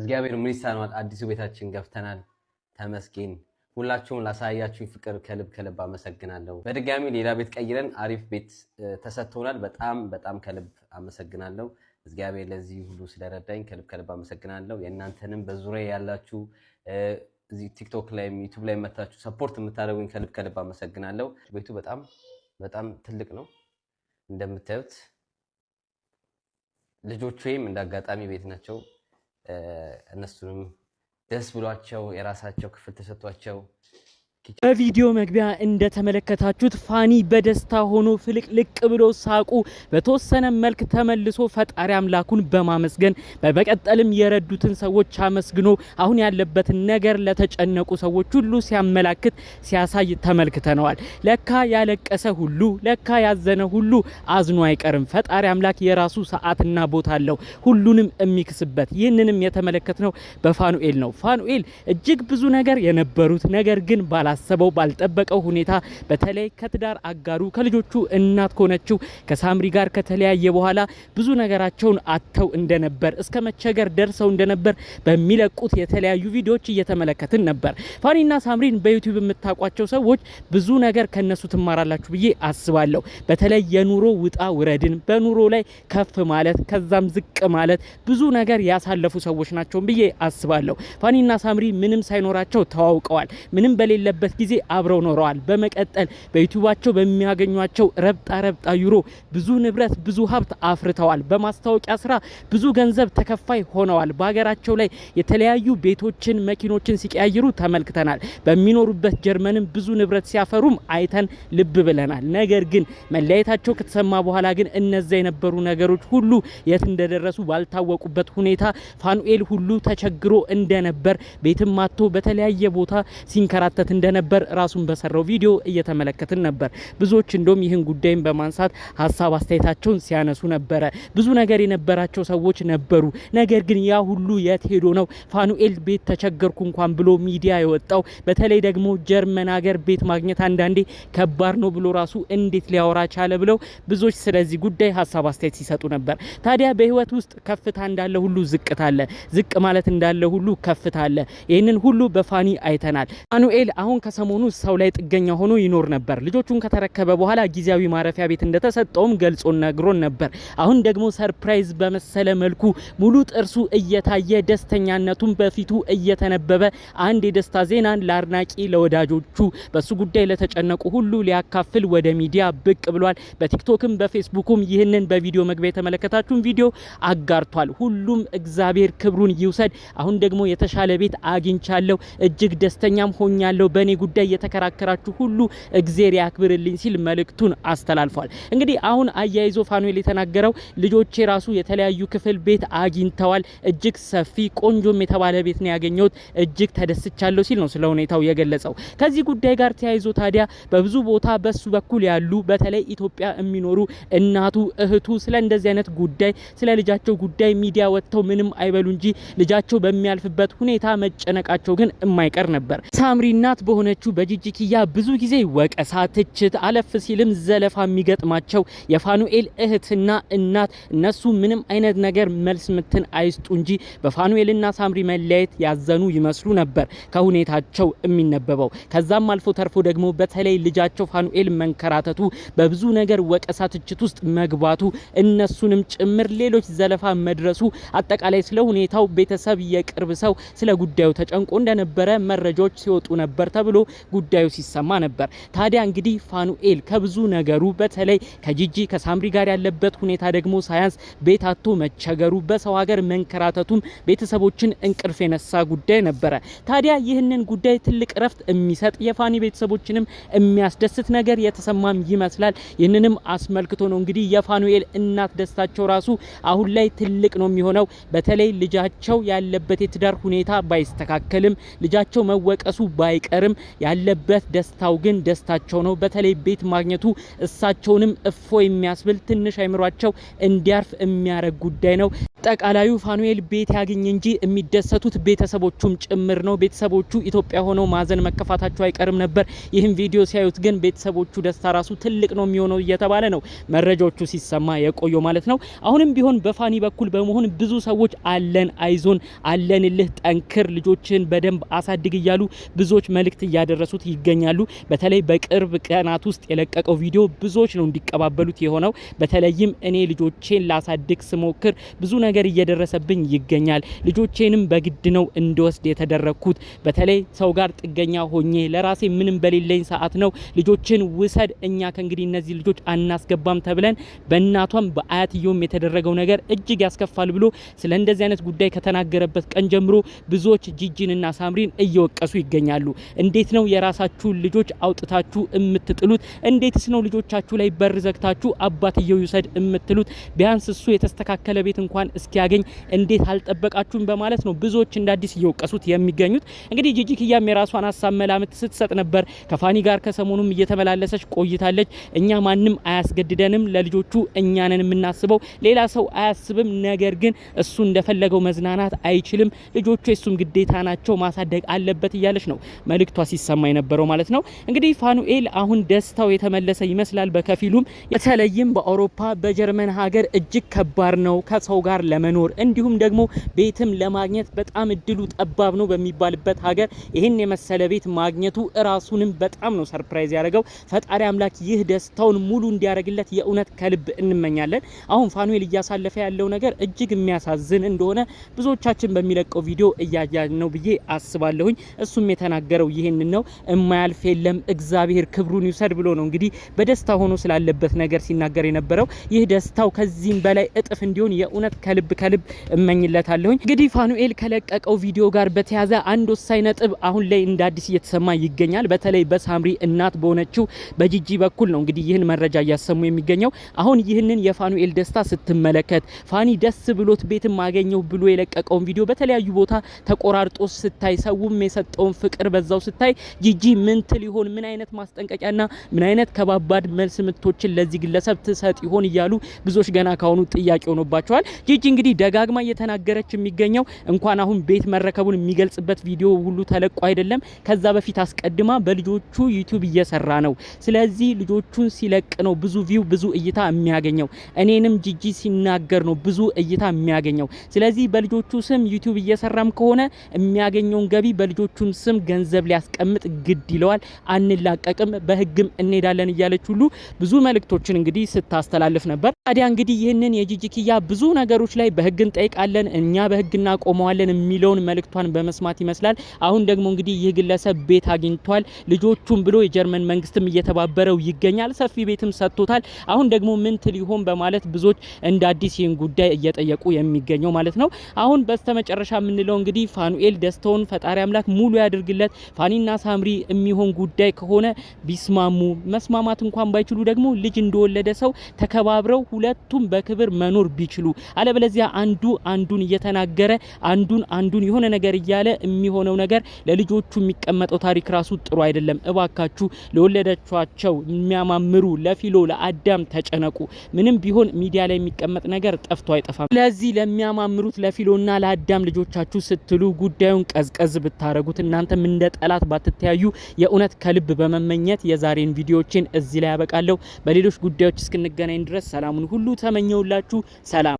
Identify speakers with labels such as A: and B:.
A: እግዚአብሔር ምን ይሳነዋል? አዲሱ ቤታችን ገብተናል። ተመስገን። ሁላችሁም ላሳያችሁ ፍቅር ከልብ ከልብ አመሰግናለሁ። በድጋሚ ሌላ ቤት ቀይረን አሪፍ ቤት ተሰጥቶናል። በጣም በጣም ከልብ አመሰግናለሁ። እግዚአብሔር ለዚህ ሁሉ ስለረዳኝ ከልብ ከልብ አመሰግናለሁ። የእናንተንም በዙሪያ ያላችሁ እዚህ ቲክቶክ ላይ ዩቱብ ላይ መታችሁ ሰፖርት የምታደርጉኝ ከልብ ከልብ አመሰግናለሁ። ቤቱ በጣም በጣም ትልቅ ነው እንደምታዩት። ወይም እንደ አጋጣሚ ቤት ናቸው እነሱንም ደስ ብሏቸው የራሳቸው ክፍል ተሰጥቷቸው
B: በቪዲዮ መግቢያ እንደተመለከታችሁት ፋኒ በደስታ ሆኖ ፍልቅልቅ ብሎ ሳቁ በተወሰነ መልክ ተመልሶ ፈጣሪ አምላኩን በማመስገን በመቀጠልም የረዱትን ሰዎች አመስግኖ አሁን ያለበትን ነገር ለተጨነቁ ሰዎች ሁሉ ሲያመላክት ሲያሳይ ተመልክተነዋል። ለካ ያለቀሰ ሁሉ ለካ ያዘነ ሁሉ አዝኖ አይቀርም። ፈጣሪ አምላክ የራሱ ሰዓትና ቦታ አለው፣ ሁሉንም የሚክስበት። ይህንንም የተመለከትነው በፋኑኤል ነው። ፋኑኤል እጅግ ብዙ ነገር የነበሩት ነገር ግን ባላ ባላሰበው ባልጠበቀው ሁኔታ በተለይ ከትዳር አጋሩ ከልጆቹ እናት ከሆነችው ከሳምሪ ጋር ከተለያየ በኋላ ብዙ ነገራቸውን አጥተው እንደነበር እስከ መቸገር ደርሰው እንደነበር በሚለቁት የተለያዩ ቪዲዮዎች እየተመለከትን ነበር። ፋኒና ሳምሪን በዩቲዩብ የምታውቋቸው ሰዎች ብዙ ነገር ከነሱ ትማራላችሁ ብዬ አስባለሁ። በተለይ የኑሮ ውጣ ውረድን በኑሮ ላይ ከፍ ማለት ከዛም ዝቅ ማለት ብዙ ነገር ያሳለፉ ሰዎች ናቸው ብዬ አስባለሁ። ፋኒና ሳምሪ ምንም ሳይኖራቸው ተዋውቀዋል። ምንም በሌለበት በነበሩበት ጊዜ አብረው ኖረዋል። በመቀጠል በዩቲዩባቸው በሚያገኟቸው ረብጣ ረብጣ ዩሮ ብዙ ንብረት፣ ብዙ ሀብት አፍርተዋል። በማስታወቂያ ስራ ብዙ ገንዘብ ተከፋይ ሆነዋል። በሀገራቸው ላይ የተለያዩ ቤቶችን፣ መኪኖችን ሲቀያይሩ ተመልክተናል። በሚኖሩበት ጀርመንም ብዙ ንብረት ሲያፈሩም አይተን ልብ ብለናል። ነገር ግን መለያየታቸው ከተሰማ በኋላ ግን እነዛ የነበሩ ነገሮች ሁሉ የት እንደደረሱ ባልታወቁበት ሁኔታ ፋኑኤል ሁሉ ተቸግሮ እንደነበር ቤትም አጥቶ በተለያየ ቦታ ሲንከራተት እንደ እንደነበር ራሱን በሰራው ቪዲዮ እየተመለከትን ነበር። ብዙዎች እንደም ይህን ጉዳይን በማንሳት ሀሳብ አስተያየታቸውን ሲያነሱ ነበረ። ብዙ ነገር የነበራቸው ሰዎች ነበሩ። ነገር ግን ያ ሁሉ የት ሄዶ ነው ፋኑኤል ቤት ተቸገርኩ እንኳን ብሎ ሚዲያ የወጣው? በተለይ ደግሞ ጀርመን ሀገር ቤት ማግኘት አንዳንዴ ከባድ ነው ብሎ ራሱ እንዴት ሊያወራ ቻለ? ብለው ብዙዎች ስለዚህ ጉዳይ ሀሳብ አስተያየት ሲሰጡ ነበር። ታዲያ በህይወት ውስጥ ከፍታ እንዳለ ሁሉ ዝቅታ አለ፣ ዝቅ ማለት እንዳለ ሁሉ ከፍታ አለ። ይህንን ሁሉ በፋኒ አይተናል። ፋኑኤል አሁን አሁን ከሰሞኑ ሰው ላይ ጥገኛ ሆኖ ይኖር ነበር። ልጆቹን ከተረከበ በኋላ ጊዜያዊ ማረፊያ ቤት እንደተሰጠውም ገልጾ ነግሮን ነበር። አሁን ደግሞ ሰርፕራይዝ በመሰለ መልኩ ሙሉ ጥርሱ እየታየ ደስተኛነቱን በፊቱ እየተነበበ አንድ የደስታ ዜናን ለአድናቂ ለወዳጆቹ፣ በሱ ጉዳይ ለተጨነቁ ሁሉ ሊያካፍል ወደ ሚዲያ ብቅ ብሏል። በቲክቶክም በፌስቡክም ይህንን በቪዲዮ መግቢያ የተመለከታችሁን ቪዲዮ አጋርቷል። ሁሉም እግዚአብሔር ክብሩን ይውሰድ። አሁን ደግሞ የተሻለ ቤት አግኝቻለሁ፣ እጅግ ደስተኛም ሆኛለሁ በ በእኔ ጉዳይ የተከራከራችሁ ሁሉ እግዜር ያክብርልኝ ሲል መልእክቱን አስተላልፏል። እንግዲህ አሁን አያይዞ ፋኑኤል የተናገረው ልጆቼ ራሱ የተለያዩ ክፍል ቤት አግኝተዋል። እጅግ ሰፊ ቆንጆም የተባለ ቤት ነው ያገኘሁት። እጅግ ተደስቻለሁ ሲል ነው ስለ ሁኔታው የገለጸው። ከዚህ ጉዳይ ጋር ተያይዞ ታዲያ በብዙ ቦታ በሱ በኩል ያሉ በተለይ ኢትዮጵያ የሚኖሩ እናቱ፣ እህቱ ስለ እንደዚህ አይነት ጉዳይ ስለ ልጃቸው ጉዳይ ሚዲያ ወጥተው ምንም አይበሉ እንጂ ልጃቸው በሚያልፍበት ሁኔታ መጨነቃቸው ግን የማይቀር ነበር። ሳምሪ እናት በ በሆነችው በጅጅኪያ ብዙ ጊዜ ወቀሳ፣ ትችት፣ አለፍ ሲልም ዘለፋ የሚገጥማቸው የፋኑኤል እህትና እናት እነሱ ምንም አይነት ነገር መልስ ምትን አይስጡ እንጂ በፋኑኤልና ሳምሪ መለያየት ያዘኑ ይመስሉ ነበር ከሁኔታቸው የሚነበበው። ከዛም አልፎ ተርፎ ደግሞ በተለይ ልጃቸው ፋኑኤል መንከራተቱ፣ በብዙ ነገር ወቀሳ፣ ትችት ውስጥ መግባቱ እነሱንም ጭምር ሌሎች ዘለፋ መድረሱ አጠቃላይ ስለ ሁኔታው ቤተሰብ የቅርብ ሰው ስለ ጉዳዩ ተጨንቆ እንደነበረ መረጃዎች ሲወጡ ነበር ተብሎ ተብሎ ጉዳዩ ሲሰማ ነበር። ታዲያ እንግዲህ ፋኑኤል ከብዙ ነገሩ በተለይ ከጂጂ ከሳምሪ ጋር ያለበት ሁኔታ ደግሞ ሳያንስ ቤት አቶ መቸገሩ በሰው ሀገር መንከራተቱም ቤተሰቦችን እንቅልፍ የነሳ ጉዳይ ነበረ። ታዲያ ይህንን ጉዳይ ትልቅ ረፍት የሚሰጥ የፋኒ ቤተሰቦችንም የሚያስደስት ነገር የተሰማም ይመስላል። ይህንንም አስመልክቶ ነው እንግዲህ የፋኑኤል እናት ደስታቸው ራሱ አሁን ላይ ትልቅ ነው የሚሆነው። በተለይ ልጃቸው ያለበት የትዳር ሁኔታ ባይስተካከልም ልጃቸው መወቀሱ ባይቀርም ያለበት ደስታው ግን ደስታቸው ነው። በተለይ ቤት ማግኘቱ እሳቸውንም እፎ የሚያስብል ትንሽ አይምሯቸው እንዲያርፍ የሚያደርግ ጉዳይ ነው። አጠቃላዩ ፋኑኤል ቤት ያገኘ እንጂ የሚደሰቱት ቤተሰቦቹም ጭምር ነው። ቤተሰቦቹ ኢትዮጵያ ሆነው ማዘን መከፋታቸው አይቀርም ነበር። ይህም ቪዲዮ ሲያዩት ግን ቤተሰቦቹ ደስታ ራሱ ትልቅ ነው የሚሆነው እየተባለ ነው መረጃዎቹ ሲሰማ የቆየው ማለት ነው። አሁንም ቢሆን በፋኒ በኩል በመሆን ብዙ ሰዎች አለን፣ አይዞን፣ አለንልህ፣ ጠንክር፣ ልጆችን በደንብ አሳድግ እያሉ ብዙዎች መልእክት እያደረሱት ይገኛሉ። በተለይ በቅርብ ቀናት ውስጥ የለቀቀው ቪዲዮ ብዙዎች ነው እንዲቀባበሉት የሆነው። በተለይም እኔ ልጆቼን ላሳድግ ስሞክር ብዙ ነገር እየደረሰብኝ ይገኛል። ልጆቼንም በግድ ነው እንድወስድ የተደረግኩት። በተለይ ሰው ጋር ጥገኛ ሆኜ ለራሴ ምንም በሌለኝ ሰዓት ነው ልጆችን ውሰድ፣ እኛ ከእንግዲህ እነዚህ ልጆች አናስገባም ተብለን በእናቷም በአያትየውም የተደረገው ነገር እጅግ ያስከፋል ብሎ ስለ እንደዚህ አይነት ጉዳይ ከተናገረበት ቀን ጀምሮ ብዙዎች ጂጂንና ሳምሪን እየወቀሱ ይገኛሉ። እንዴት ነው የራሳችሁን ልጆች አውጥታችሁ የምትጥሉት? እንዴትስ ነው ልጆቻችሁ ላይ በር ዘግታችሁ አባትየው ይውሰድ የምትሉት? ቢያንስ እሱ የተስተካከለ ቤት እንኳን እስኪያገኝ እንዴት አልጠበቃችሁም በማለት ነው ብዙዎች እንደ አዲስ እየወቀሱት የሚገኙት። እንግዲህ ጂጂ ኪያም የራሷን ሀሳብ መላምት ስትሰጥ ነበር። ከፋኒ ጋር ከሰሞኑም እየተመላለሰች ቆይታለች። እኛ ማንም አያስገድደንም፣ ለልጆቹ እኛንን የምናስበው ሌላ ሰው አያስብም። ነገር ግን እሱ እንደፈለገው መዝናናት አይችልም። ልጆቹ የሱም ግዴታ ናቸው፣ ማሳደግ አለበት እያለች ነው መልእክቷ ሲሰማ የነበረው ማለት ነው። እንግዲህ ፋኑኤል አሁን ደስታው የተመለሰ ይመስላል በከፊሉም በተለይም በአውሮፓ በጀርመን ሀገር እጅግ ከባድ ነው ከሰው ጋር ለመኖር እንዲሁም ደግሞ ቤትም ለማግኘት በጣም እድሉ ጠባብ ነው በሚባልበት ሀገር ይህን የመሰለ ቤት ማግኘቱ እራሱንም በጣም ነው ሰርፕራይዝ ያደረገው። ፈጣሪ አምላክ ይህ ደስታውን ሙሉ እንዲያደርግለት የእውነት ከልብ እንመኛለን። አሁን ፋኑኤል እያሳለፈ ያለው ነገር እጅግ የሚያሳዝን እንደሆነ ብዙዎቻችን በሚለቀው ቪዲዮ እያያን ነው ብዬ አስባለሁኝ። እሱም የተናገረው ይህን ነው። እማያልፍ የለም እግዚአብሔር ክብሩን ይውሰድ ብሎ ነው እንግዲህ በደስታ ሆኖ ስላለበት ነገር ሲናገር የነበረው። ይህ ደስታው ከዚህም በላይ እጥፍ እንዲሆን የእውነት ከልብ ከልብ እመኝለታለሁኝ። እንግዲህ ፋኑኤል ከለቀቀው ቪዲዮ ጋር በተያዘ አንድ ወሳኝ ነጥብ አሁን ላይ እንደ አዲስ እየተሰማ ይገኛል። በተለይ በሳምሪ እናት በሆነችው በጂጂ በኩል ነው እንግዲህ ይህን መረጃ እያሰሙ የሚገኘው። አሁን ይህንን የፋኑኤል ደስታ ስትመለከት ፋኒ ደስ ብሎት ቤትም አገኘው ብሎ የለቀቀውን ቪዲዮ በተለያዩ ቦታ ተቆራርጦ ስታይ፣ ሰውም የሰጠውን ፍቅር በዛው ስታይ ጂጂ ምን ትል ይሆን? ምን አይነት ማስጠንቀቂያና ምን አይነት ከባባድ መልስ ምቶችን ለዚህ ግለሰብ ትሰጥ ይሆን እያሉ ብዙዎች ገና ካሁኑ ጥያቄ ሆኖባቸዋል። ጂጂ እንግዲህ ደጋግማ እየተናገረች የሚገኘው እንኳን አሁን ቤት መረከቡን የሚገልጽበት ቪዲዮ ሁሉ ተለቆ አይደለም። ከዛ በፊት አስቀድማ በልጆቹ ዩቲዩብ እየሰራ ነው። ስለዚህ ልጆቹን ሲለቅ ነው ብዙ ቪው ብዙ እይታ የሚያገኘው። እኔንም ጂጂ ሲናገር ነው ብዙ እይታ የሚያገኘው። ስለዚህ በልጆቹ ስም ዩቲዩብ እየሰራም ከሆነ የሚያገኘውን ገቢ በልጆቹም ስም ገንዘብ ሊያስቀምጥ ግድ ይለዋል። አንላቀቅም፣ በህግም እንሄዳለን እያለች ሁሉ ብዙ መልእክቶችን እንግዲህ ስታስተላልፍ ነበር። ታዲያ እንግዲህ ይህንን የጂጂ ኪያ ብዙ ነገሮች ላይ በህግ እንጠይቃለን፣ እኛ በህግ እናቆመዋለን የሚለውን መልእክቷን በመስማት ይመስላል። አሁን ደግሞ እንግዲህ ይህ ግለሰብ ቤት አግኝቷል። ልጆቹም ብሎ የጀርመን መንግስትም እየተባበረው ይገኛል። ሰፊ ቤትም ሰጥቶታል። አሁን ደግሞ ምን ትል ይሆን በማለት ብዙዎች እንደ አዲስ ይህን ጉዳይ እየጠየቁ የሚገኘው ማለት ነው። አሁን በስተመጨረሻ የምንለው እንግዲህ ፋኑኤል ደስተውን ፈጣሪ አምላክ ሙሉ ያድርግለት። ፋኒና ሳምሪ የሚሆን ጉዳይ ከሆነ ቢስማሙ መስማማት እንኳን ባይችሉ ደግሞ ልጅ እንደወለደ ሰው ተከባብረው ሁለቱም በክብር መኖር ቢችሉ አለበለ አለበለዚያ አንዱ አንዱን እየተናገረ አንዱን አንዱን የሆነ ነገር እያለ የሚሆነው ነገር ለልጆቹ የሚቀመጠው ታሪክ ራሱ ጥሩ አይደለም። እባካችሁ ለወለደቻቸው የሚያማምሩ ለፊሎ ለአዳም ተጨነቁ። ምንም ቢሆን ሚዲያ ላይ የሚቀመጥ ነገር ጠፍቶ አይጠፋም። ስለዚህ ለሚያማምሩት ለፊሎና ለአዳም ልጆቻችሁ ስትሉ ጉዳዩን ቀዝቀዝ ብታረጉት እናንተም እንደ ጠላት ባትተያዩ የእውነት ከልብ በመመኘት የዛሬን ቪዲዮችን እዚህ ላይ ያበቃለሁ። በሌሎች ጉዳዮች እስክንገናኝ ድረስ ሰላሙን ሁሉ ተመኘውላችሁ። ሰላም